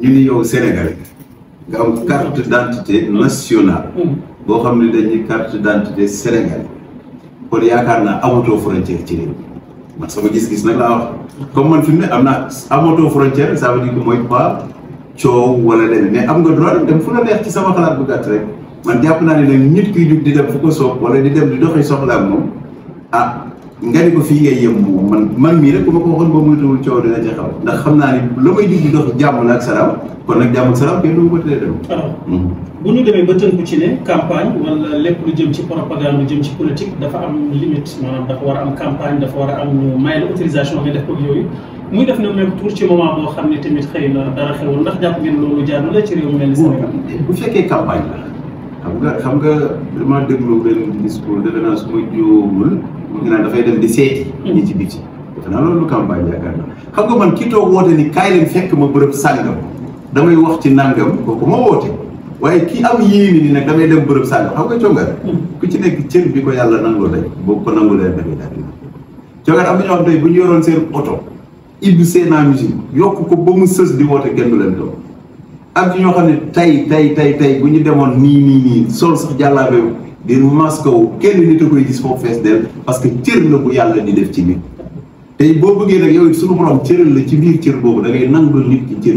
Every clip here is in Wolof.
ñu ni yow Sénégalais nga am carte d'identité nationale. Mm. boo xam ne dañuy carte d'identité sénégalais kon yaakaar naa amatoo frontière ci réew man sama gis-gis nag laa wax comme man fi mu ne am naa amatoo frontière ça veut dire que mooy pas coow wala leneen mais am nga droit dem fu la neex ci sama xalaat bu gàtt rek man jàpp naa ne nag nit kuy jug di dem fu ko soob wala di dem di doxi soxlaam moom ah. nga ni ko fii ngay yem man man mii rek bu ma ko waxoon boo moytuwul coow dina ci xaw ndax xam naa ni la may dig di dox jàmm la ak salaam kon nag jàmm ak salaam kenn du ah. hmm. ñu demee ba tënku ci ne campagne lépp lu jëm ci propagande lu jëm ci politique dafa am limite dafa war a am campagne dafa war a am ñu may la autorisation nga def ko muy def na même tour ci moment boo xam ne tamit xëy na dara xewul ndax jàpp ngeen loolu jaar na la ci réew mi mel ni Sénégal bu fekkee campagne nga xam nga dama déglu benn discours defe naa su ma jóowul mu ngi naan dafay dem di seeti mm. ñi ci bi ci naa loolu campagne yaakaar na xam nga man ki toog woote ni kaay leen fekk ma bërëb sàngam damay wax ci nangam kooku ma woote waaye kii am yéene ni nag damay dem bërëb sàngam xam nga congar mm. ku ci nekk cër bi ko yàlla nangoo day boobu ko nangu leen dafay daal congar am na ñoo xam tey bu ñu yoroon seen oto ibbi seen musique yokk ko ba mu sës di woote kenn leen toog ak ñoo xam ne tey tey tey tey bu ñu demoon nii nii nii sol sax jàllaabe di masque kenn nit a koy gis foofu fees del parce que cër na bu yàlla di def ci nit tey boo bëggee nag yow suñu borom la ci biir cër boobu da ngay nangul nit ki cër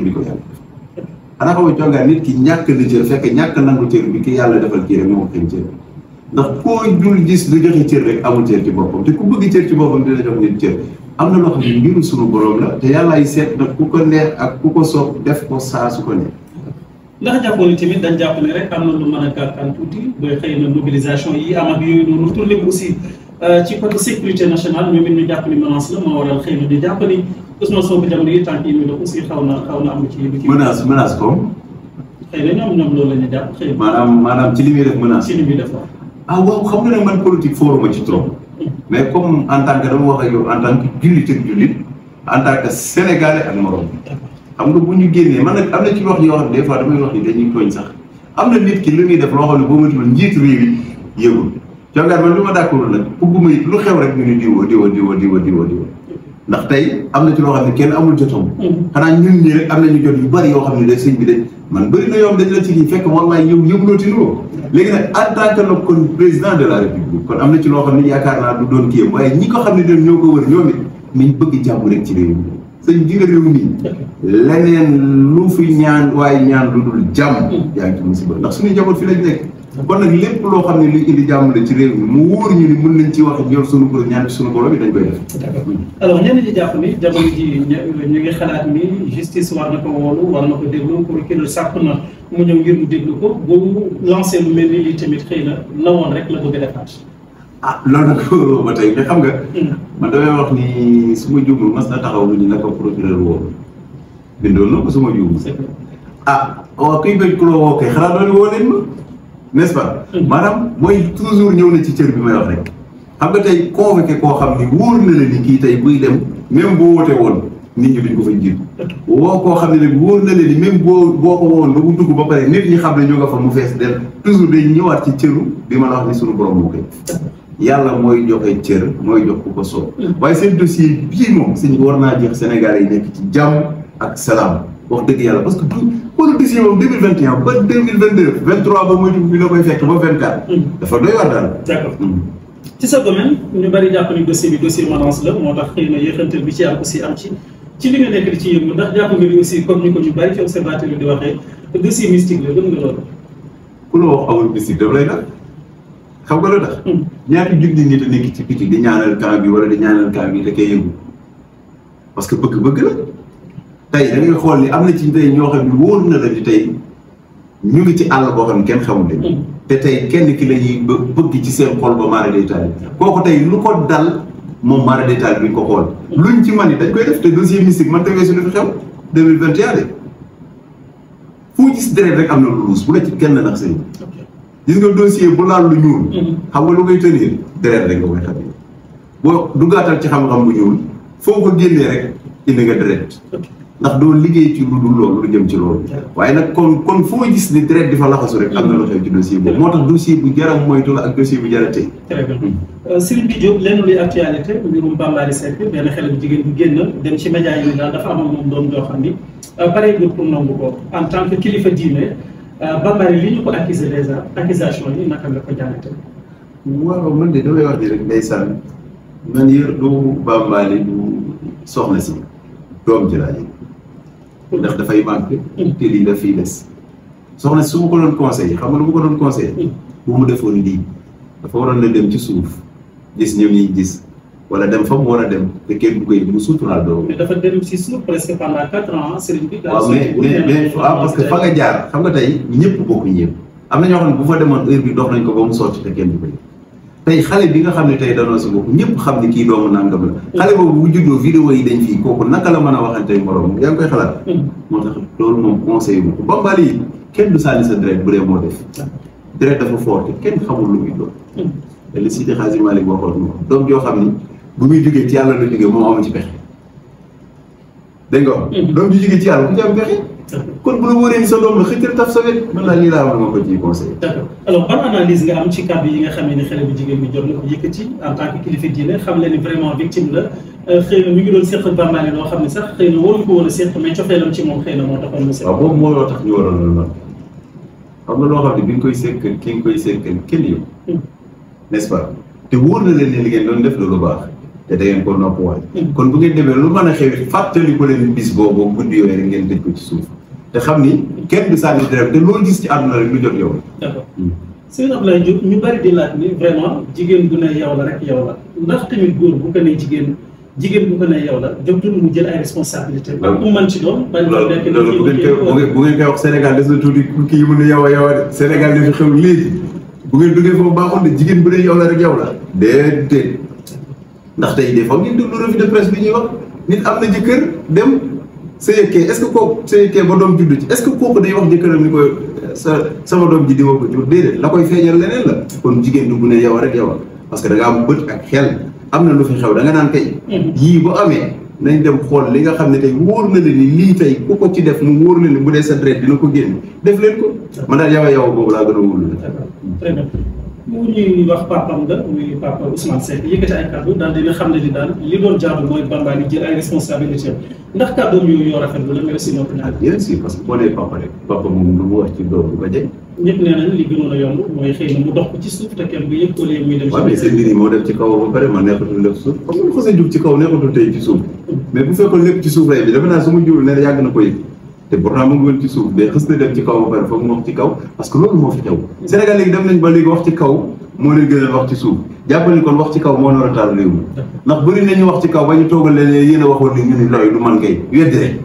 ñàkk na cër fekk ñàkk nangu ki yàlla defal cër moo xëy ndax koo dul gis du joxe cër rek amul cër ci boppam te ku bëgg cër ci boppam dina jox nit cër am na loo xam ne mbiru suñu borom la te yàllaay seet nag ku ko neex ak ku ko soob def ko saa su ko neex ndax jàppoon ni tamit dañ jàpp ne rek am na lu mën a gàttal tuuti booy xëy na mobilisation yi am ak yooyu noonu retourné bi aussi euh, ci côté sécurité nationale ñoom it ñu jàpp ni menace la moo waral xëy na ñu jàpp ni Ousmane Sonko jamono yi tànk yi ñu def aussi xaw na xaw na am ci lu ci. menace menace comme. xëy na ñoom la ñu jàpp xëy na. maanaam maanaam ci li muy def menace. ci li muy def waaw. ah waaw xam nga ne man politique fooruma ci trop. mais comme en tant que dama wax ak yow en tant que jullit ak jullit en tant que sénégalais ak morom. xam nga bu ñu génnee man nag am na ci wax yoo xam ne des fois damay wax ni dañuy tooñ sax am na nit ki lu muy def loo xam ne man lu ma dàkkoolu nag ugguma it lu xew rek ñu ne diwoo diwoo diwoo diwoo ndax tey am na ci loo xam ne kenn amul jotam mm-hmm. xanaa ñun ñi rek am yu bari yoo xam ne da sëñ bi man bëri na yoom dañ la ci kii fekk wallaay yow yëglooti loo léegi en de la am na ci loo xam ne yaakaar naa du doon kii yam waaye ñi ko xam ne doon ñoo ko wër ñoom it ñu bëgg jàmm rek ci réew mi sëñ ji nga réew mi leneen lu fi ñaan waaye ñaan lu dul jàmm yaa ngi ci musiba ndax suñu njaboot fi lañ nekk ba nag lépp loo xam ne luy indi jàmm la ci réew mi mu wóor ñu ni mën nañ ci wax ñor suñu borom ñaan ci suñu borom bi dañ koy def alors ñenn ñi jàpp ni jamono ji ñu ngi xalaat ni justice war na ko woolu war na ko déglu procureur sàpp na mu ñëw ngir mu déglu ko bu lancé lu mel ni lii tamit xëy na na woon rek la bëgg a defaat ah loolu nag loolu ba tey mais xam nga. Hmm. man damay wax ma juumul taxaw lu ñu naka procureur woo bindoon na suma su ma juumul. ah oo kuy bañ ku la woo kay xanaa loolu woo leen ma nest hmm. maanaam mooy toujours ñëw na ci cër bi may wax rek. xam nga tey convoqué koo xam ni wóor na la kii tey buy dem même boo woote woon nit ñi duñ ko fa jiitu. woo koo xam ne nag wóor na la ni même boo boo ko woon ba mu dugg ba pare nit ñi xam ne ñoo nga fa mu fees del toujours day ñëwaat ci cëru bi ma la wax sunu borom yàlla mooy joxe cër mooy jox ku ko soob waaye seen dossier bii moom sëñ war naa jeex Sénégal yi nekk ci jàmm ak salaam wax dëgg yàlla parce que bu politicien moom deux mille vingt et un ba deux bi nga koy mm. mm. sa ñu bari jàpp ni dossier bi dossier Monace la moo tax xëy na yéexantal bi ci am aussi am ci ci li nga nekk di ci yëngu ndax jàpp nga ni aussi comme ni ko ñu bari ci observateur yi di waxee dossier mystique la gëm nga loolu ku la wax amul mystique lay nag xam nga lu tax hmm. ñaati junni nit a ci biti di ñaanal camp bi wala di ñaanal camp bi da koy parce que bëgg-bëgg la tey da xool ni am na ci tey ñoo xam ne wóor na la di tey ñu ngi ci àll boo xam ne kenn xamul leen hmm. te tey kenn ki la ba bëgg ci seen xool ba mara day taal kooku tey lu ko dal moom mara day taal duñ ko xool hmm. luñ ci man yi dañ koy def te dossier mystique man tawee suñu fi xew 2021 de foo gis deret rek am na lu luus bu la ci kenn nax sëñ gis nga dossier bu laal lu ñuul. Mm-hmm. xam nga lu ngay tenir deret rek nga koy xam boo duggaatal ci xam-xam bu ñuul foo ko génnee rek indi nga deret ndax doo liggéey ci lu dul loolu lu jëm ci loolu. waaye nag kon kon foo gis ni deret di fa laxasu rek. am na loo xew ci dossier bu jaram moytu la ak dossier bu jar a mm. euh, lenn luy actualité mbirum Bambaly Seck benn xale bu jigéen bu génn dem ci média yi daal dafa amoon moom doom joo xam ni euh, pareegul pour nangu ko en tant que kilifa diine. Euh, ba pare li ñu ko accusé déjà accusation yi naka nga ko jàngate waaw man de damay wax di rek saan man yër du bàmbaale du soxna si doom ji laa yëg ndax dafay manqué te lii daf fiy des soxna si su ma ko doon conseillé xam nga ma ko doon conseillé mm. bu mu defoon lii dafa waroon na dem ci suuf gis ñoom ñuy gis wala dem fa mu war a dem te kenn du koy mu suturaal doomu. si suuf presque waaw parce que fa nga jaar xam nga tey ñëpp bokku ñëpp. am na ñoo xam ne bu fa demoon heure bi dox nañ ko ba mu sotti te kenn nga xam ne tey danoo si bopp ñëpp xam ne kii doomu nangam la. xale boobu bu juddoo vidéo yi dañ fii a waxante moroom yaa ngi koy xalaat. Hmm. ba mbali kenn du sànni sa direct bu dee moo def. direct dafa fort te kenn xamul lu muy doon. Hmm. te li Sidi doom joo xam ni bu muy jógee ci yàlla la jógee moom amu ci pexe dégg mm-hmm. doom ju jógee ci yàlla ku kon bu la wóoree sa doom la xëccal taf sa wet mën naa lii laa war ma ko ciy conseillé. d'accord alors ban analyse nga am ci kàddu yi nga xam ne ni xale bu jigéen bi jot na ko yëkkati en tant que kilifa diine xam leen ni vraiment victime la euh, xëy na mi ngi doon seq bàmbaane loo xam ne sax xëy na waruñu ko woon a seq mais cofeelam ci moom xëy na moo taxoon mu seq. waaw boobu moo koy seqal ki koy seqal kenn yow. Mm-hmm. n'est-ce pas na leen ne li doon def loolu baax te da ngeen ko nopp kon bu ngeen demee lu man a xewee fàttali ko leen bis boobu guddi yooyu rek ngeen dëj ci suuf te xam ni kenn du sànni deret te loo gis ci àdduna rek lu jot yow la. d'accord hmm. ñu bari di laaj ni vraiment jigéen yow la rek yow bu ko ne jigéen jigéen bu ko ne yow la jotul mu jël ay responsabilité ba mu ngeen koy bu ngeen koy wax Sénégal des na tuuti kii yow a yow a Sénégal dafa xew léegi bu ngeen duggee foofu baaxul jigéen bu ne yow la rek yow la déedéet ndax tey des fois ngeen déglu revue de presse bi ñuy wax nit am na jëkkër dem sëyeekee est-ce que kooku sëyeekee ba doom juddu ci est-ce que kooku day wax jëkkëram ni ko sa sama doom ji di ma ko jur déedéet la koy feeñal leneen la kon jigéen du bu ne yow rek yow parce que da nga am bët ak xel am na lu fi xew da nga naan kay mm-hmm. yii bu amee nañ dem xool li nga xam ne tey wóor na leen ni lii tey ku ko ci def mu wóor na leen bu dee sa deret dina ko génn def leen ko man daal yow yow boobu laa gën mu ñuy wax papam da muy papa Ousmane Seck yëkkati ay kàddu daal dina xam ne ni daal li doon jaadu mooy Bamba ni jël ay responsabilité ndax kàddu yooyu yoo rafetlu la mais aussi naa bien sûr parce que boo nee papa rek papa moom lu mu wax ci doom du ko jëñ ñëpp nee li gënoon yomb mooy xëy na mu dox ko ci suuf te kenn bu yëpp léegi muy dem waaw mais seen yi moo dem ci kaw ba pare man nekkatul def suuf parce que lu ko sa jug ci kaw nekkatul tey ci suuf mais bu fekkoon lépp ci suuf bi te pourtant mu ngi woon ci suuf mais xës na dem ci kaw ma pare foog mu wax ci kaw parce que loolu moo fi xew Sénégal léegi dem nañ ba léegi wax ci kaw moo leen gën a wax ci suuf jàppal ni kon wax ci kaw moo nar taal réew mi ndax bëri wax ci kaw ba ñu toogal leen yéen a waxoon ni ñu ni looy lu man ngay weddi rek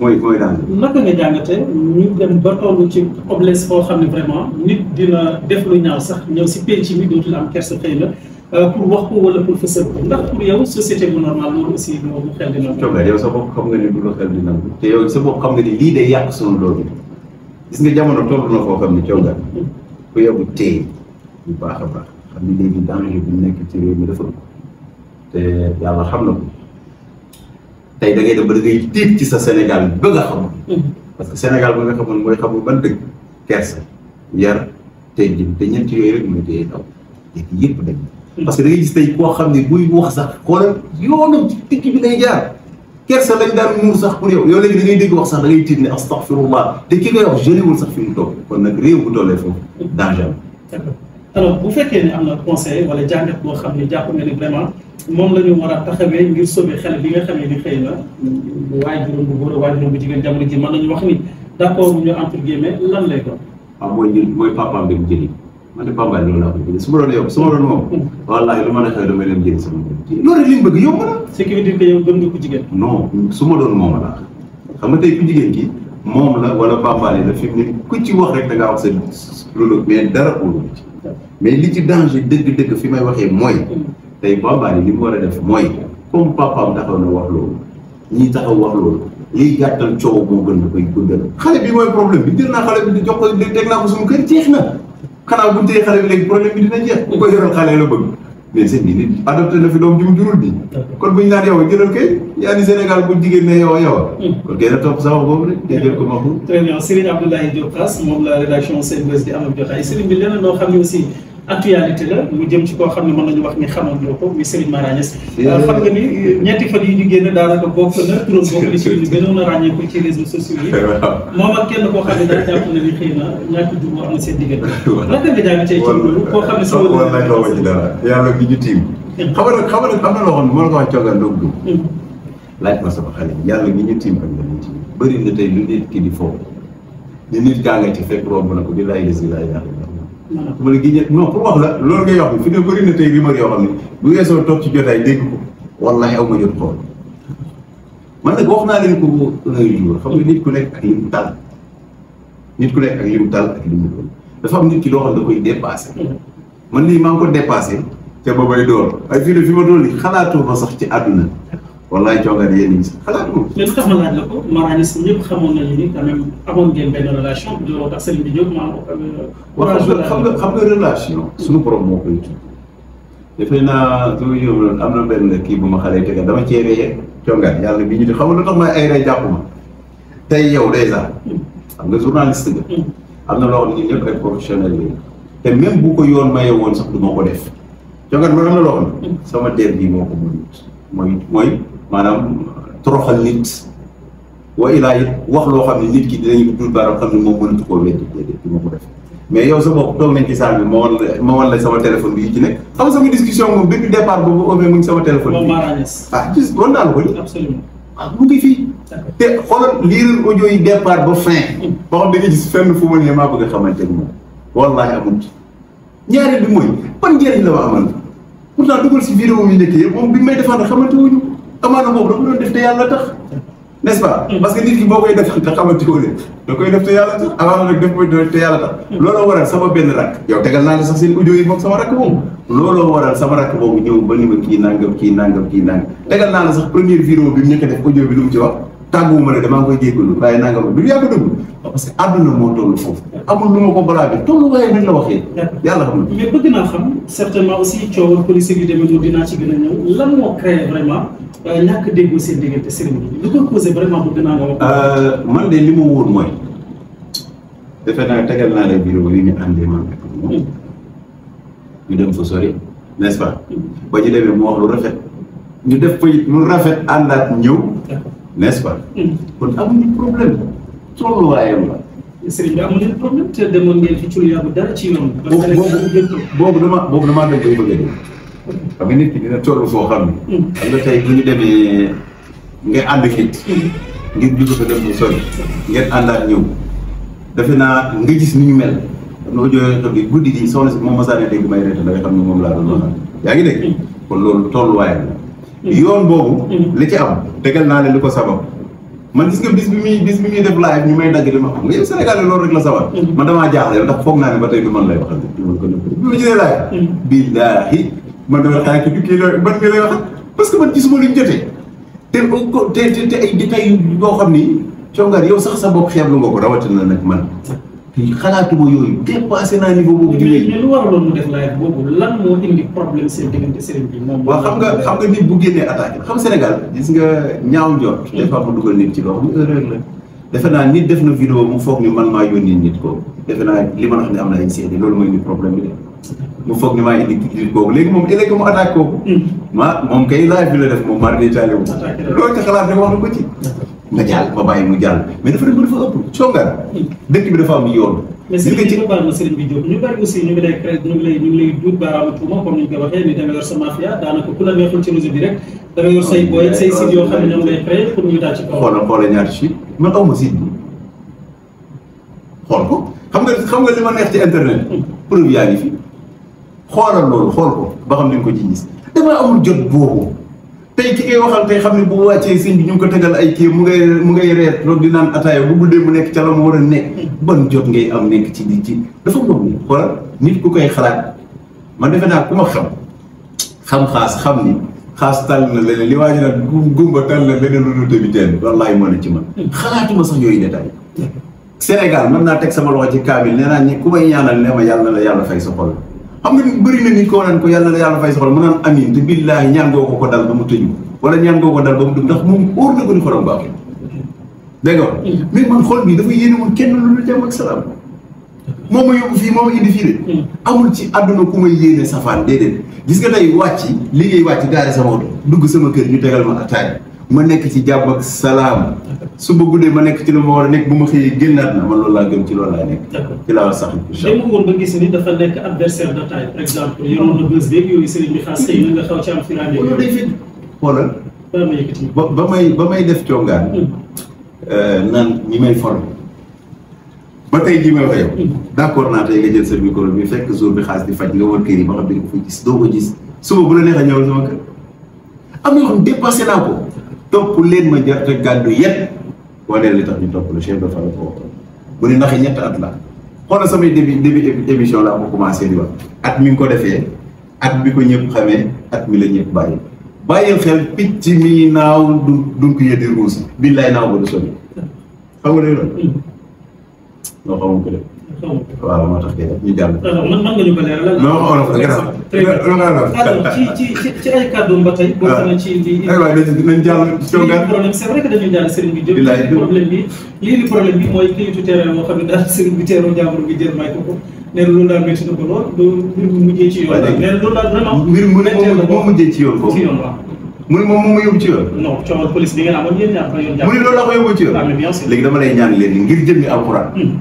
mooy mooy daal. naka nga jàngate ñu dem ba toll ci oblesse foo xam ne vraiment nit dina def lu ñaaw sax ñëw si penc mi dootul am kersa xëy na. Euh, pour wax ko wala pour fësal ko ndax pour yow société bu normal loolu aussi du xel di nangu. coono yow sa bopp xam nga ni du xam nga ni lii day yàq sunu loolu gis nga jamono toll na foo xam ne coono ku yow téye bu baax a baax xam ni léegi danger bi nekk ci réew te yàlla xam na da ngay dem ba ci sa Sénégal ba mm-hmm. parce que Sénégal ba nga xamul mooy xamul ban dëkk kersa yar te ñeenti yooyu rek mooy téye daw léegi yëpp dañ parce que da ngay gis tey koo xam ne buy wax sax xoolal yoonam ci tikki bi ngay jaar kersa lañ daan muur sax pour yow yow léegi da ngay dégg wax sax da ngay tiit ne astaghfirullah te ki ngay wax jëliwul sax fi mu toog kon nag réew bu tollee foofu danger alors bu fekkee ne am na conseil wala jàngat boo xam ne jàpp nga ne vraiment moom la ñu war a taxawee ngir sauver xel bi nga xam ne ni xëy na waajuram bu góor waajuram bu jigéen jamono ji mën nañu wax ni d'accord ñu entre guillemets lan lay doon. waaw ah, mooy ñun mooy papaam bi mu jëli. ma ne Pambaay loolu laa ko jëlee su doon yow su doon moom wallaahi lu ma la xew damay dem jëli sama bopp loolu rek bëgg yomb na. ce qui veut dire que su ma doon moom la xam nga tey ku jigéen moom la wala Pambaay la fi mu ku ci wax rek da ngaa wax sa loolu mais dara wóolu ci mais li ci danger dëgg-dëgg fi may waxee mooy tey Pambaay li mu war a def mooy comme papaam taxaw na wax loolu ñii taxaw wax loolu. liy gàttal coow moo gën da koy guddal. xale bi mooy problème bi jël naa xale bi di jox ko teg naa ko na. xanaa bu ñu téye xale bi léegi problème bi dina jeex bu ko yoral xale la bëgg mais sëñ nit adopté na fi doom ju mu jurul bi kon bu ñu naan yow jëlal kay yaa ni Sénégal bu ne yow a yow a kon kay na topp sax boobu rek day jël ko maxu très bien Serigne Abdoulaye Diop Tass moom la rédaction Senbuzz di amal jotaay Serigne bi leneen actualité la mu jëm ci koo xam ne mën nañu wax ni xamoon ñoo ko muy Serigne Mara Niass. Euh, xam nga ni euh, ñetti fan yi ñu génn daanaka bokk na turam bokk na ci a ràññee ko ci réseaux sociaux yi. moom ak kenn koo xam ne daal jàpp na ni xëy na ñàkk jubóo am na seen diggante. naka nga jàngatee ci loolu koo xam ne si wàllu wàllu lañ la wàññi dara yàlla gi ñu tiim. Mm. xam nga na loo gi mm. ñu tiim ak nga ñu tiim bëri na tey lu nit ki di foofu ni nit gaa nga ci fekk romb na ko di laay gis gi laay ko ma la giññeet non wax la loolu ngay wax fi ne bëri na tey bi mag yoo xam ne bu ma jot xool man nag wax naa leen ko ay jour xam nga nit ku nekk ak li mu tal nit ku nekk ak li mu tal ak mu doon koy dépassé man lii maa ko dépassé te ba bay door ay fii ne fi ma doon li xalaatoo ko sax ci àdduna wallaay coogaan yéen ñi sax xalaat moom. mais lu Maranis ñëpp xamoon nañu ni quand amoon ngeen benn relation bu jooroo tax Serigne bi ñëpp maa euh, waaw xam nga xam nga xam suñu borom moo koy tudd. defe am na benn kii bu ma xale tegal dama cee reyee coogaan yàlla bi ñu di xam nga lu ay rey jàpp ma tey yow dèjà. xam nga journaliste nga. Mm. na loo xam ne ñun ñëpp ay professionnel lañu. te même bu ko yoon maye woon sax du ma ko def. coogaan loolu am na loo xam mm. sama del bi moo ko mënut mooy mooy. maanaam toroxal nit wa ilaa it wax loo xam ne nit ki dinañu dul baaram xam ne mënatu koo weddi déedéet du ma ko def mais yow sa bopp toog nañ ci saal ma wan ma wan la sama téléphone bi yi ci nekk xam sama mu ngi sama téléphone bi ah gis wan naa la ko di absolument ah mu ngi fii te xoolal liiral audio yi départ ba fin ba xam da nga gis fenn fu ma ne maa bëgg a xamante ak moom wallaahi amul ñaareel bi mooy ban njëriñ la ma amal pourtant dugal si vidéo yi nekk yëpp moom bi may defar xamante wuñu amaana boobu da ko doon def te yàlla tax nest mm. parce que nit ki boo koy def te xamante ko ne da koy def te yàlla tax amaana nag def koy def te yàlla tax. Mm. looloo waral sama benn rakk. yow tegal naa la sax seen audio yi moom sama rakk boobu. looloo waral sama rakk boobu ñëw ba ni ma kii nangam kii nangam kii nangam tegal naa la sax première vidéo bi mu ñëkk def audio bi lu mu ci wax. tàgguwu ma ne damaa ngi koy jéggalu waaye naa nga ma du yàgg dëgg parce que àdduna moo toll foofu amul lu ma ko balaa bi toll bi nañ la waxee yàlla xam na mais bëgg naa xam certainement aussi coowal police yi demee noonu dinaa ci moo créé vraiment euh, ñàkk déggoo seen diggante sëriñ lu euh, man de li ma wóor mooy defe naa tegal naa la bureau yi ñu hmm. dem fa sori n'est-ce hmm. ba ñu demee wax lu rafet ñu def fa it lu rafet àndaat ñëw n'est-ce hmm. kon amuñu problème tolluwaayam la. sëriñ bi amuñu problème te demoon ngeen ci Thioune dara ci yoon. parce que boobu damaa boobu damaa dem nit ki dina toll foo hmm. demee ngay ànd kii. Hmm. ngir jóge fa dem bu sori. ngeen àndaat ñëw. defe naa nga gis ni ñu mel. am guddi gi soxna si moom mosaan a dégg may reetal yoon boobu. Mm-hmm. li ci am dëggal naa ne li ko sabab. man gis nga bis bi muy bis bi muy def live ñu may dagg di ma xam nga loolu rek la sabab. Mm-hmm. man damaa jaaxle ndax foog naa ne ba tey du man lay waxal. bi ma ci dee live. Mm-hmm. billaahi man dama xaar ki man parce que man gisuma luñ jotee. te te te ay détails boo xam ni congar yow sax sa bopp xeeblu nga ko rawatina nag man. xalaatuma yooyu dépassé naa niveau boobu. di léegi mais lu waraloon mu def live boobu lan moo xam nga xam nga nit bu génnee attaque xam Sénégal gis nga ñaaw njort. Hmm. des fois mu ci loo xam defe naa nit def na vidéo mu foog ni man maa yónni nit ko defe naa li ma wax ne am na ay seede loolu mooy indi problème bi de mu foog ni maa indi nit kooku léegi moom ëllëg mu attaque kooku. Hmm. ma moom kay live la def moom maa ngi lay taale wu. attaque la loolu ci xalaat rek wax na ko ci. nga jàll ma bàyyi mu jàll mais dafa dem ba dafa ëpp congaan dëkk bi dafa am yoon. mais sëriñ bi baal ma sëriñ bi Diop ñu bari aussi ñu ngi lay presse ñu ngi lay ñu ngi lay duut baaraamu tuuma comme ni ñu ko waxee ni danga yor sa mafia daanaka ku la neexul ci réseau bi rek danga yor say booy say site yoo xam ne ñoom ngay presse pour ñu daal ci kaw. xoolal xoolal ñaar site man aw ma site xool ko xam nga xam nga li ma neex ci internet. preuve yaa ngi fi xoolal loolu xool ko ba xam ni nga ko ci gis damaa amul jot boobu. tey ki ngay waxal tey xam ne bu wàccee siñ bi ñu ko tegal ay kii mu ngay mu ngay reer loolu di naan ataaya bu guddee mu nekk ca la mu war a nekk ban ngay am nekk ci di ci dafa boobu xoolal nit ku koy xalaat man defe naa ku ma xam xam xaas xam ni xaas tàll na leneen li waa ji nag gumba tàll na leneen lu dul demi teen wallaahi mën a ci man xalaatuma sax yooyu détail Sénégal mën naa teg sama loxo ci kaamil nee naa ñi ku may ñaanal ne ma yàlla na la yàlla fay sa xol xam nga bëri na nit ko naan ko yàlla na yàlla fay soxla mu am amiin te billaahi ñaan goo ko ko dal ba mu tëju wala ñaan goo ko dal ba mu dugg ndax moom óor ko ni xolam baaxul dégg nga mm. mais man xol bi dafa yéene woon kenn lu dul jàmm ak salaam mm. moom ma yóbbu fii moom ma indi fii de mm. amul ci àdduna ku may yéene safaan déedéet gis nga tey wàcc liggéey wàcc gaari sama oto dugg sama kër ñu tegal ma ataaya ma nekk ci jàmm ak salaam su ma guddee ma nekk ci lu ma war a nekk bu ma xëyee génnaat na man loolu laa gëm ci loolu laa nekk. ci laa sax. dem nga woon ba gis ni dafa nekk adversaire de taille par exemple yoroon na bés beeg yooyu Serigne bi xaas xëy na nga xaw ci am firande. loolu day fekk xoolal. ba ba may ba may def congaan. Hmm. Euh, naan ñi may forme ba tey jii may wax yow. Hmm. d' accord naa tey nga jël sa micro bi fekk jour bi xaas di faj nga wër kër yi ba xam ne nga ko fa gis doo ko gis suba bu la neexee ñëwal sama kër am na yoo xam dépassé naa ko. topp leen ma jar te gàddu yet wanee li tax ñu topp la chef de famille ko waxoon ne ndax ñett at la xoolal samay début début émission la ma commencé di wax at mi ngi ko defee at bi ko ñëpp xamee at mi la ñëpp bàyyi bàyyil xel picc mi naaw du duñ ko yëdi ruus bi lay naaw ba du soli xam mm. nga loolu loo xamam ko def waaw moo tax kay ñu jàll. man man nga ñu ko leeralal. non olof la ci ci ci ay kàddu ba tey. boo xam ne ci lii. Ah. aywa dinañ jàll jongaan problème c'est vrai que dañu jàll sëriñ bi. jëm problème bi lii li problème bi mooy kilitu terrain moo xam ne daal sëriñ bi teeru jàmbur bi jël may ko ko. neen loolu daal métti na ko lool loolu mbir mu mujjee ci yoon. neen loolu daal vraiment. mbir mu ne moom mujjee ci yoon foofu. ci yoon waaw. mu ne moom moom ma yóbbu ci yoon. non coowal police bi ngeen amoon yéen ñaar fa yoon. jàpp mu ne loolu la ko yóbbu ci yoon. Ah, léegi dama lay ñaan leen ngir jëmmi alxuraan hmm.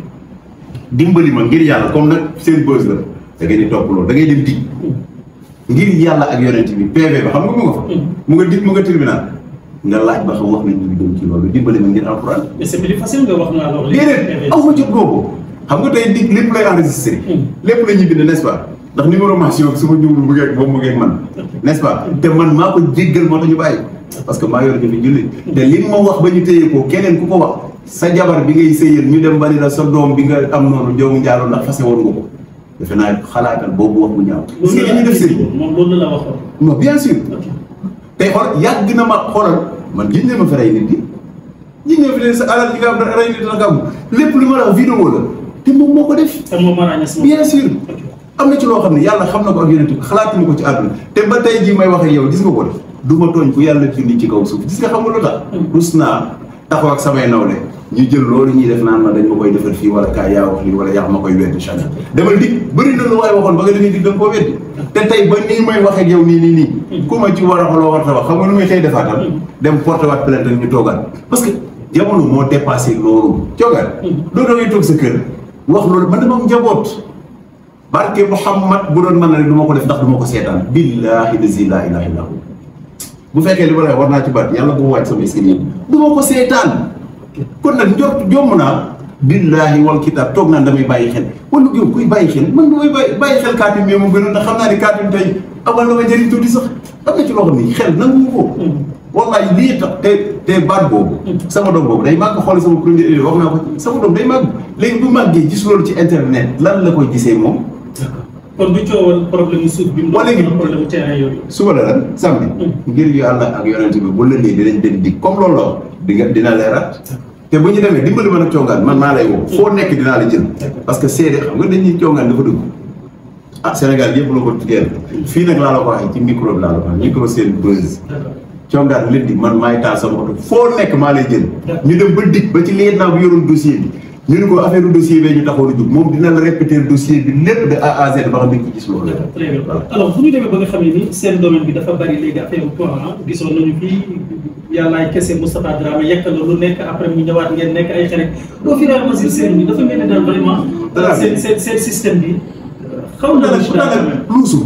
dimbali ma ngir yàlla comme nag seen bës la da ngay topp loolu da dem dig ngir yàlla ak yonent bi PV ba xam nga mu nga fa. mu nga dig nga laaj ba xam wax nañ ñu dem ci loolu dimbali ma ngir alxuraan. mais c'est plus facile nga wax naa loolu. déedéet aw ma jot boobu xam nga tey dig lépp lay enregistré. Hmm. lépp la ñuy bind n'est-ce pas. ndax numéro machine su ma ñëwul mu ngeeg moom mu ngeeg man n'est-ce pas te man maa ko jéggal moo tax ñu bàyyi parce que maa yor ñu te li ma wax ba ñu téye ko keneen ku ko wax sa jabar bi ngay sëyal ñu dem ba ni la sa doom bi nga am noonu joomu njaalo ndax fase woon nga ko defe naa xalaatal boobu wax bu ñaaw. loolu la la def sëriñ moom loolu la waxoon. non bien sûr. tey xool yàgg na ma xoolal man gis ne ma fa rey nit ñi. ñi fi leen sa alal yi nga am rey nit la nga am lépp lu ma la wax vidéo la te moom moo ko def. te moom bien sûr. am na ci loo xam ne yàlla xam na ko ak yonent bi xalaatuñu ko ci àdduna te ba tey jii may waxee yow gis nga ko def du ma tooñ ku yàlla fii ci kaw suuf gis nga xam nga lu tax. Hmm. rus naa taxaw ak samay nawle ñu jël loolu ñuy def naan ma dañ ma koy defal fii wala kaa yaa wax lii wala yaa ma koy weddi chaque demal dig bëri na lu waay waxoon ba nga demee dig da koo weddi te tey ba nii may wax ak yow nii nii ku ma ci war a wax xam nga lu may tey defaatal dem porté waat ñu toogaat parce que jamono moo dépassé loolu coogaat doo da ngay toog sa kër wax loolu man dama barke Muhammad bu doon mën na ne du ma ko def ndax du ma ko seetaan billaahi lazi laa ilaaha illaa bu fekkee li ma lay war naa ci baat yàlla bu mu wàcc sama iskini du ko seetaan kon nag njort jomm naa billaahi wal kitaab toog naan damay bàyyi xel wala yow kuy bàyyi xel man damay bàyyi bàyyi xel kaatim bi ma gënoon na xam naa ni kaatim tey amal na ma jëriñ tuuti sax am na ci loo xam ne xel nangu ko wallaay lii tax te te baat boobu sama doom boobu day màgg xool sama premier élève wax naa ko sama doom day màgg léegi bu màggee gis loolu ci internet lan la koy gisee moom kon bu coowal problème suuf yooyu. suba la lan samedi. Hmm. ngir yu ànd ak yonent bi bu lëndee dinañ dem di comme loolu la di nga dina leera te bu ñu demee dimbali ma nag congaan man maa lay woo. Hmm. foo nekk dinaa la jël. parce que seede xam nga dañuy congaan dafa dugg. ah Sénégal yëpp la ko teel. fii nag laa la ko waxee ci micro bi laa la ko waxee micro seen buzz. congaan leen man maay taal sama oto foo nekk maa lay jël. ñu dem ba dig ba ci liy naa bu yoroon dossier bi. ñu ne ko affaire dossier bee ñu taxoon a jóg moom dina la répéter dossier bi lépp de A à Z ba xam ne ci gis loolu la. ni seen domaine bi dafa bari léegi affaire bu courant ah, gisoon nañu fii yàllaay kese Moustapha Dramé yekk na lu nekk après mu ñëwaat ngeen nekk ay xarit au fur et à mesure seen bi dafa mel ni daal vraiment. dara seen seen seen système bi. Euh, xaw na lu luusu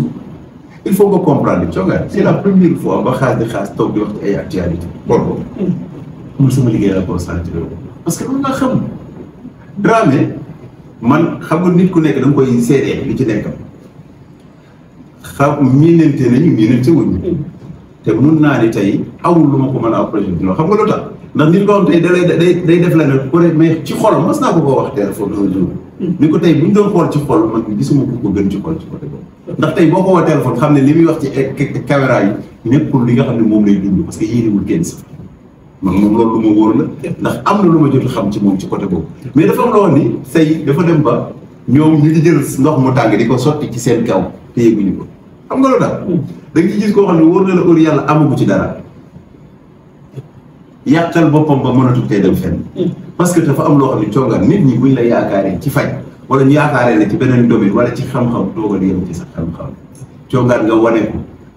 il faut nga comprendre coono la première fois ba xaas di xaas toog di wax ci ay actualité. bor hmm. liggéey la concentré parce que am na xam. Dramé man xam nga nit ku nekk da nga koy seetee li ci nekkam xam miinante nañu miinante wuñu mm. te mun naa ni tey awul lu ma ko mën a projet bi xam nga lu tax ndax nit ko xam tey day def la ne ku ne mais ci xolam mas naa ko koo wax téléphone un jour mm. ni ko tey bu ñu doon xool ci xol man gisuma ko gën ci xol ci côté boobu ndax tey boo ko woo téléphone xam ne li muy wax ci e-, e-, caméra yi nekkul li nga xam ne moom lay dund parce que yéenewul man moom loolu lu ma wóor la ndax am na lu ma jot xam ci moom ci côté boobu mais dafa am loo ni say dafa dem ba ñoom ñu ngi jël ndox mu tàng di ko sotti ci seen kaw te yëguñu ko xam nga loolu daal da ngay gis koo xam ne wóor na la heure yàlla amagu ci dara yàqal boppam ba mënatu tey dem fenn parce que dafa am loo xam ne congaan nit ñi buñ la yaakaaree ci faj wala ñu yaakaaree la ci beneen domaine wala ci xam-xam toogal ci sa xam-xam congaan nga wa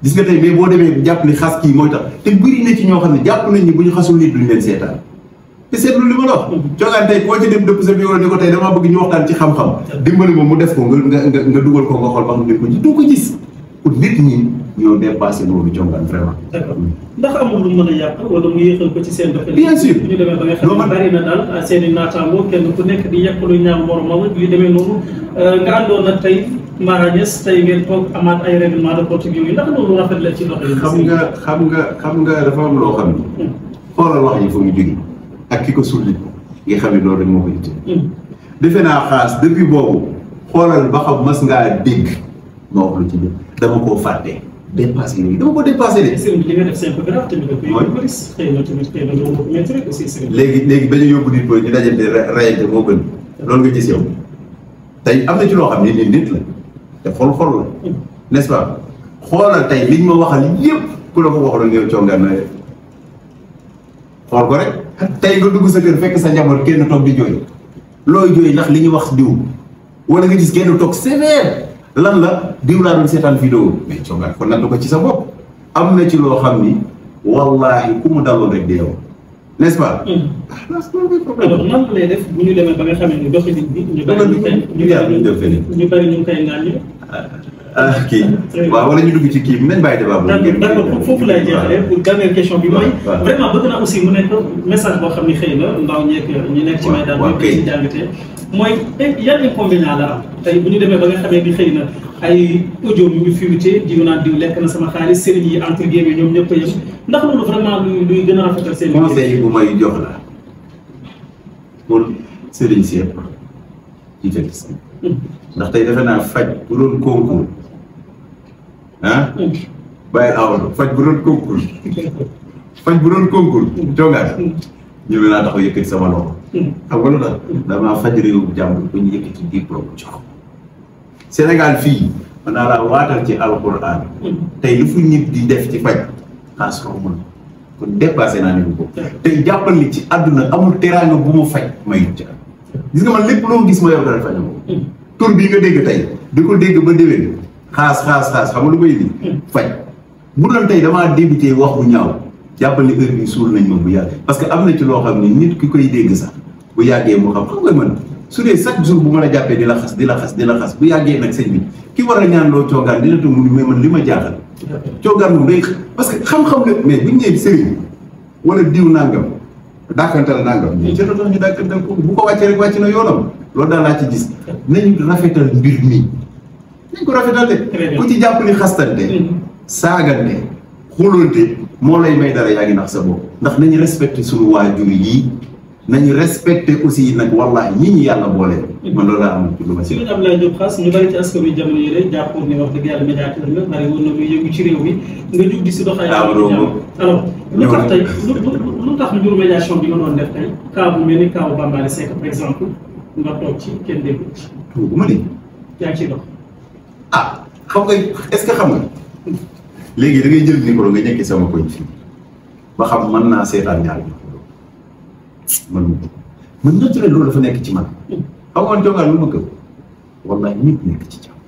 gis nga tey mais boo demee jàpp ni xas kii mooy tax te bëri na ci ñoo xam ne jàpp nañ bu ñu xasul nit duñ leen seetaan te ma mm-hmm. ko tey damaa bëgg mu def ko nga nga nga ko nga xool ba xam ne ko ci doo ko gis pour nit ñi ñoo dépassé loolu a seen na daal seen i naataango kenn ku nekk euh, tey Mara Niass tey ngeen toog ay règlement de compte yooyu ndax loolu rafet la ci loxo yi. xam nga xam nga xam nga dafa am loo xam ni. Hmm. xoolal wax yi fa mu jógee ak ki ko li nga xam ne loolu rek moo ko yitte. Hmm. defe naa xaas depuis boobu xoolal ba xam mas ngaa dégg ma wax lu ci dëgg dama koo fàtte. dépassé léegi dama ko dépassé de. sëriñ bi li nga def simple grave ko métti léegi léegi ba ñu yóbbu nit ba ñu dajante rayante moo gën loolu nga gis yow tey am na ci loo xam ne nit la te xol-xol la n'est-ce pas xoolal tey liñ ma waxal yépp ku la ko waxaloon yow congaan na xool ko rek tey nga dugg sa kër fekk sa njaboot kenn toog di jooy looy jooy ndax li ñu wax diw wala nga kenn toog sévère lan la diw laa doon seetaan vidéo mais congaan kon nan ko ci sa bopp am na ci loo xam ni wallaahi ku mu daloon rek di yow n'est-ce pas. Mm. alors nan lay def bu ñu demee ba nga xam ne doxalin bi. ñu bari ñu koy ñu bari ñu koy ñu bari ñu koy ah kii waaw wala ñu dugg ci kii bi nañ bàyyi débat boobu. d' accord foofu laay jeexalee pour dernière question bi mooy. vraiment bëgg naa aussi mu nekk message boo xam ni xëy na ndaw ñeeg ñu nekk ci may daal ñu koy jàngatee. tey bu ñu demee ba nga xamee ni xëy na ay audio mu ngi fuité diw naan diw lekk na sama xaalis sëriñ yi entre guillemets ñoom ñëpp a yem ndax loolu vraiment luy luy gën a rafetal seen. conseil sëriñ si yëpp hmm. ndax tey defe naa faj bu doon concours. ah bàyyil awra faj bu doon concours faj bu doon concours toogaat ñu ne laa taxaw yëkkati sama loxo xam nga lu faj réew jàmbur bu ñu yëkkati diplôme jox Sénégal fii mën naa laa waatal ci alquran tey lu fu nit di def ci faj xaas ko mën kon naa ne bu ko tey jàppal ni ci àdduna amul teraanga bu ma faj mayut ci gis nga man lépp loo gis ma yow dara faj ko tur bii nga dégg tey di ko dégg ba déwén xaas xaas xaas xam nga lu may lii hmm. faj bu doon tey damaa débuté wax bu ñaaw jàppal ni heure bi suul nañ bu yàgg parce que am na ci loo xam ne nit ki koy dégg sax bu yàggee moo su dee chaque jour bu ma la jàppee di la xas di la xas di bu yàggee nag ñaan loo coogaan dina toog mu ne man li ma jaaxal coogaan moom day parce que xam-xam la mais bu ñu nee sëriñ wala diw nangam dàkkantal nangam ñi ci tax ñu dàkkantal ko bu ko wàccee rek na yoonam loolu daal laa ci gis nañu rafetal mbir mi nañ ko rafetal de ku ci jàpp ni xastante mm. saagante xulante moo lay may dara yaa ngi nax sa bopp ndax nañu respecté suñu waajur yi nañu respecté aussi nag wallaahi ñi ñu yàlla boole. Mm. man loolu laa am ci lu ma si. Serigne Abdoulaye Diop Khass ñu bari ci askan wi jamono yële jàppoon ni wax ci réew mi nga jug si dox ay. alors lu tax tey lu lu tax njur médiation bi nga doon def tey cas mel ni cas bu Bambaly par exemple nga toog ci kenn déggu ci. bu ma ne. ah xam nga est-ce que xam nga léegi dangay ngay jël micro nga nekk sama koñ fii ba xam mën naa seetaan ñaar man man naturel loolu dafa nekk ci man xam nga jongaan lu ma gëm wallaay ñëpp nekk ci jàmm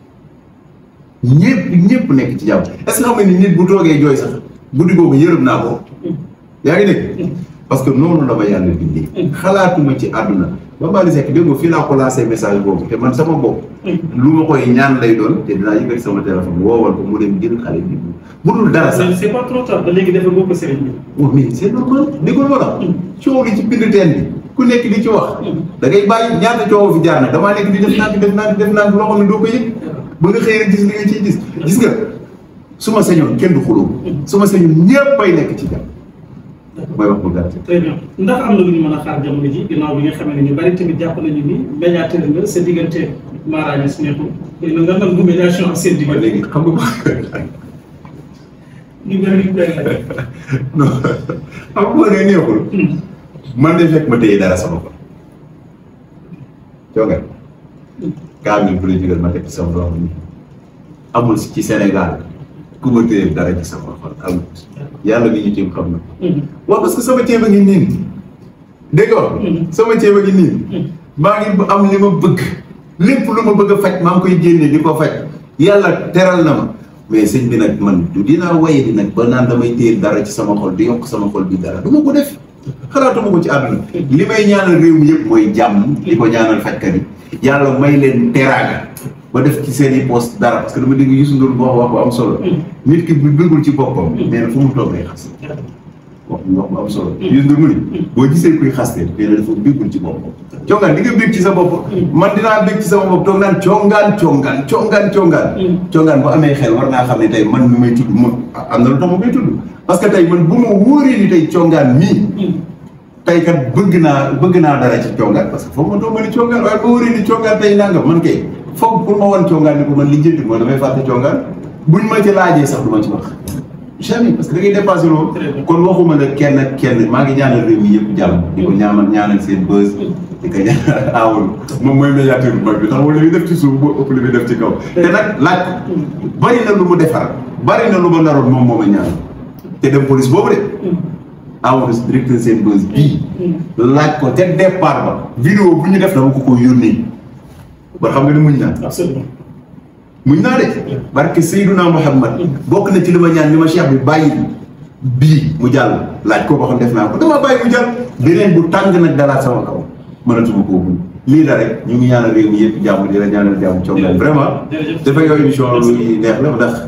ñëpp ñëpp nekk ci jàmm est-ce xam nga nit bu toogee jooy sax guddi googu yërëm naa ko yaa ngi nekk parce que noonu la ma yàlla bindee xalaatuma ci àdduna ba Malick Seck démb fii laa ko lancé message boobu te man sama bopp. lu ma koy ñaan lay doon te dinaa yëkkati sama téléphone woowal ko mu dem jël xale bi. bu dul dara sax c'est pas trop tard ba léegi dafa bokk sëriñ bi. di ko war a. coow li ci bind bi ku nekk di ci wax. dangay ngay bàyyi ñaata coow fi jaar na damaa nekk di def naa di def naa di def naa loo doo ko yëg. ba nga xëy rek gis li nga ciy gis. gis nga su ma sañoon kenn du xuloo. su ma sañoon ñëpp bay nekk ci jàmm. mooy wax bu gàtt. très bien ndax am na lu ñu mën a xaar jamono ji ginnaaw bi nga xam ne ñu bari tamit jàpp nañu ni médiateur nga sa diggante Mara Niass nekkul xëy nga nga ñu bëri hmm. man de fekk ma téye dara sama ko. coono. kaa mi bu la jógal ma teg ci sama loxo nii amul ci Sénégal ku ma téye dara ci sama xol amul. yàlla mi ñu tiim xam na mm-hmm. waa parce sama ceeb a ngi niin d'accord mm-hmm. sama ceeb a ngi niin mm-hmm. maa ngi am li ma bëgg lépp lu ma bëgg a faj maa ngi koy génne di ko faj yàlla teral na ma mais sëñ bi nag man du dinaa waye di nag ba naan damay téye dara ci sama xol di yokk sama xol bi dara du ma ko def xalaatuma ko ci àdduna li may ñaanal réew mi yëpp mooy jàmm li ko ñaanal fajkat yi yàlla may leen teraanga ba def ci seen i poste dara parce que dama dégg Youssou Ndour boo wax bu am solo. Mm. nit ki bu bëggul ci boppam. Mm. nee fu mu toog lay xas. Mm. solo. Youssou Ndour mu ne boo xas de nee na dafa ci boppam. congaan di nga bëgg ci sa bopp. man dinaa bëgg ci sama bopp toog naan congaan congaan congaan congaan. congaan bu amee xel war naa xam ne tey man mi may tudd am na lu parce que tey man bu ma tey congaan mii. tey kat bëgg naa bëgg naa dara ci congaan parce que foofu ma doon mën a congaan waaye boo wóoree ni congaan tey nangam man kay. foog pour ma wan congaan ni ko man li jënd ko damay fàtte congaan buñ ma ci laajee sax du ma ci wax. jamais parce que da ngay dépassé loolu. kon waxuma ne kenn ak kenn maa ngi ñaanal réew mi yëpp jàmm. di ko ñaanal ñaanal seen bës. di ko ñaanal aawul moom mooy médiateur bu mag bi tax wala li def ci suuf boo ëpp li def lu mu defar bari na lu ma naroon ma ñaanal te dem police boobu de. Mm. aawul directeur seen bës bii. Mm. laaj ko te départ ba. vidéo bu ñu def dama ko ko yónnee. ba xam nga ne muñ naa. absolument muñ naa de. barke Seydouna Muhammad mm. bokk na ci li ma ñaan li ma cheikh bi bàyyi bii mu jàll laaj koo ko xam def naa ko dama bàyyi mu jàll. beneen bu tàng nag dalaat sama kaw mënatuma koo muñ lii la rek ñu ngi ñaanal réew mi yëpp jàmm di la ñaanal jàmm coono vraiment. jërëjëf dafa yow émission lu neex la ndax.